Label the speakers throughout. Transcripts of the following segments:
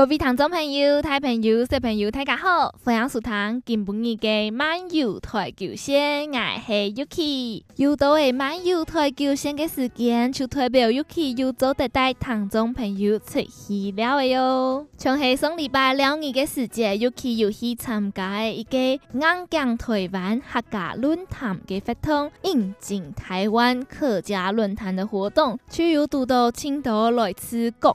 Speaker 1: 各位聽眾朋友，大朋友小朋友大家好，歡迎收聽今晡日嘅漫遊台九線，我係 Yuki。又到係漫遊台九線嘅時間，就代表 Yuki 又走得帶聽眾朋友出去了嘅喲。從係上禮拜兩日嘅時節，Yuki 又去參加一個硬頸台灣客家論壇嘅活動，引進台灣客家論壇嘅活動，去有讀到青島來參觀。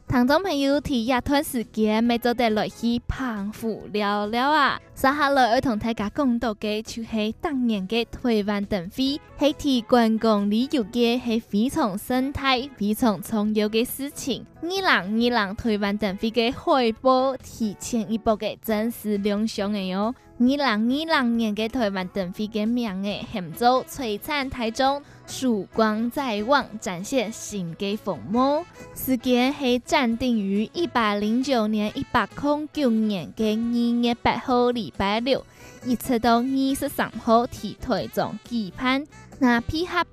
Speaker 1: 聽眾朋友提一段時間，每周得來去澎湖聊聊啊！三下六二同大家講到，就係當年嘅台灣騰飛，提觀光旅遊嘅，係非常生態、非常重要嘅事情。二零二零台灣燈會嘅海報提前一波嘅正式亮相誒喲！二零二零年嘅台灣燈會嘅名誒，欽州璀璨台中，曙光在望，展現新嘅風貌。時間係暫定於一百零九年一百零九年嘅二月八號禮拜六，一直到二十三號喺台中舉辦。那批哈。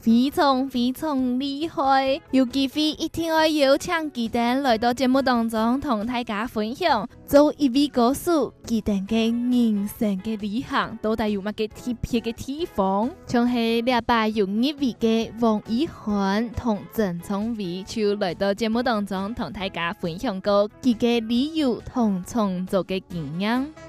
Speaker 1: 非常非常厲害！有機會，一定要邀請佢哋來到節目當中，同大家分享做一位歌手，佢哋的人生嘅旅行，到底有乜嘅特別的地方。像喜伯伯用粵語嘅王一涵同鄭聰偉就來到節目當中，同大家分享過佢的旅遊同創作的經驗。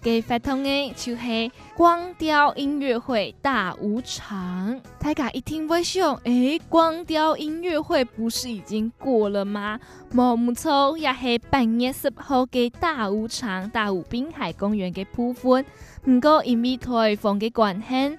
Speaker 1: 給發通誒，就係光雕音樂會大武場。大家一聽未曉誒？光雕音樂會不是已經過了嗎？冇錯，也是八月十號嘅大武場，大武濱海公園嘅部分，唔過因為台風嘅關係。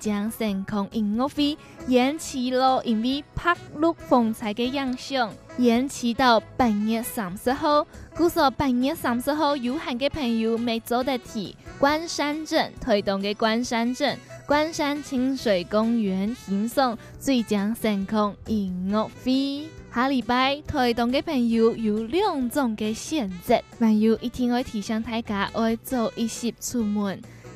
Speaker 1: 《江上晴空雲霧飛》延期了，因為拍錄風采嘅影像，延期到八月三十號。據說八月三十號有閒嘅朋友，未走得起。關山鎮推動嘅關山鎮關山清水公園欣送最將星空音樂會。下禮拜推動嘅朋友有兩種嘅選擇，朋友一定會提醒大家愛早一些出門。